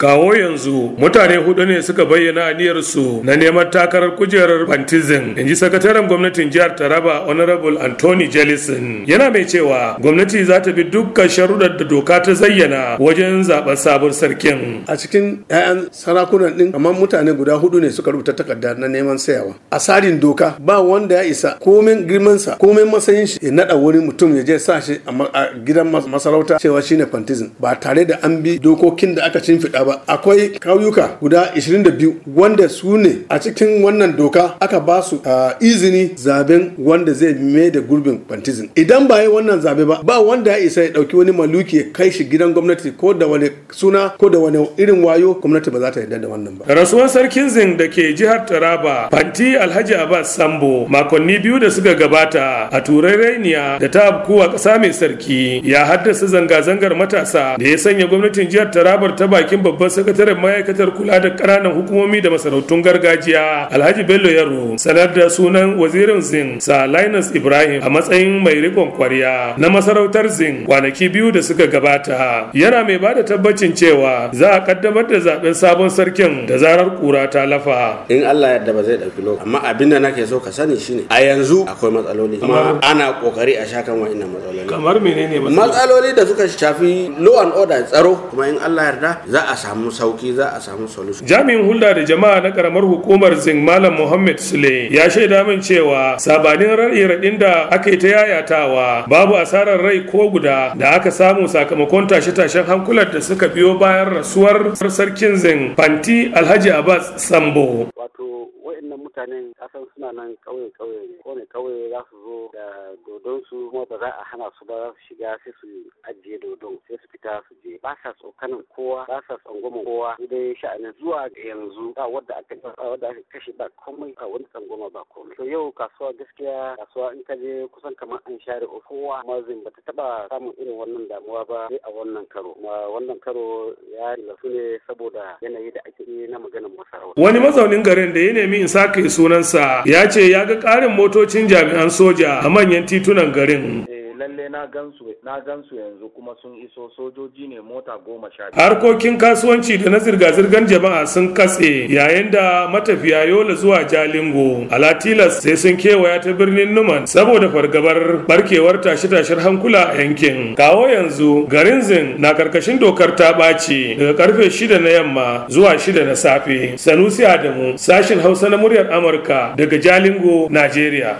Kawo yanzu mutane hudu ne suka bayyana aniyarsu na neman takarar kujerar bantizin in ji sakataren gwamnatin jihar Taraba Honorable Anthony Jellison. Yana mai cewa gwamnati za ta bi dukkan sharuɗar da doka ta zayyana wajen zaɓen sabon sarkin. A cikin 'ya'yan sarakunan ɗin kamar mutane guda hudu ne suka rubuta takarda na neman sayawa. A tsarin doka ba wanda ya isa komin girmansa komin matsayin shi ya naɗa wani mutum ya je sa shi a gidan masarauta cewa shine fantizin ba tare da an bi dokokin da aka cin fiɗa ba akwai kauyuka guda 22 wanda su ne a cikin wannan doka aka ba su izini zaben wanda zai mai da gurbin bantizin idan ba yi wannan zabe ba ba wanda ya isa ya dauki wani maluki ya kai shi gidan gwamnati ko da wani suna ko da wani irin wayo gwamnati ba za ta yarda da wannan ba rasuwar sarkin zin da ke jihar taraba fanti alhaji abbas sambo makonni biyu da suka gabata a turai rainiya da ta kowa ƙasa mai sarki ya haddasa zanga-zangar matasa da ya sanya gwamnatin jihar tarabar ta bakin babban babban sakataren ma'aikatar kula da ƙananan hukumomi da masarautun gargajiya alhaji bello yaro sanar da sunan wazirin zin sa linus ibrahim a matsayin mai rikon kwarya na masarautar zin kwanaki biyu da suka gabata yana mai bada tabbacin cewa za a kaddamar da zaben sabon sarkin da zarar kura ta lafa in allah yadda ba zai ɗauki lokaci amma abin da nake so ka sani shine a yanzu akwai matsaloli kuma ana kokari a sha kan wa'annan matsaloli kamar menene matsaloli da suka shafi law and order tsaro kuma in allah yarda za a samu sauki za a samu solution jami'in hulɗa da jama'a na karamar hukumar zing malam muhammad sule ya shaida min cewa sabanin raɗe-raɗin da aka yi ta yayatawa babu asarar rai ko guda da aka samu sakamakon tashe-tashen hankulan da suka biyo bayan rasuwar sarkin zing fanti alhaji abbas sambo wato wa'annan mutanen kasan suna nan kauye-kauye ne ko kauye za su zo da dodon su kuma ba za a hana su ba za su shiga sai su ajiye dodon sai su fita su je ba sa tsokanin kowa ba sa tsangwamin kowa dai sha'anin zuwa yanzu ba wadda aka wadda kashe ba komai ba wani tsangwama ba komai to yau kasuwa gaskiya kasuwa in ka je kusan kamar an share kowa mazin ba ta taba samun irin wannan damuwa ba sai a wannan karo kuma wannan karo ya lasu ne saboda yanayi da ake yi na maganar masarau wani mazaunin garin da ya nemi in sake sunansa ya ce ya ga ƙarin motocin jami'an soja a manyan titi titunan garin. Eh, lalle na gansu su yanzu kuma sun iso sojoji ne mota goma sha biyu. harkokin kasuwanci da na zirga-zirgar jama'a sun katse yayin da matafiya yola zuwa jalingo alatilas sai sun kewaya ta birnin numan saboda fargabar barkewar tashe-tashen hankula a yankin kawo yanzu garin zin na karkashin dokar ta ɓaci daga karfe shida na yamma zuwa shida na safe sanusi adamu sashin hausa na muryar amurka daga jalingo najeriya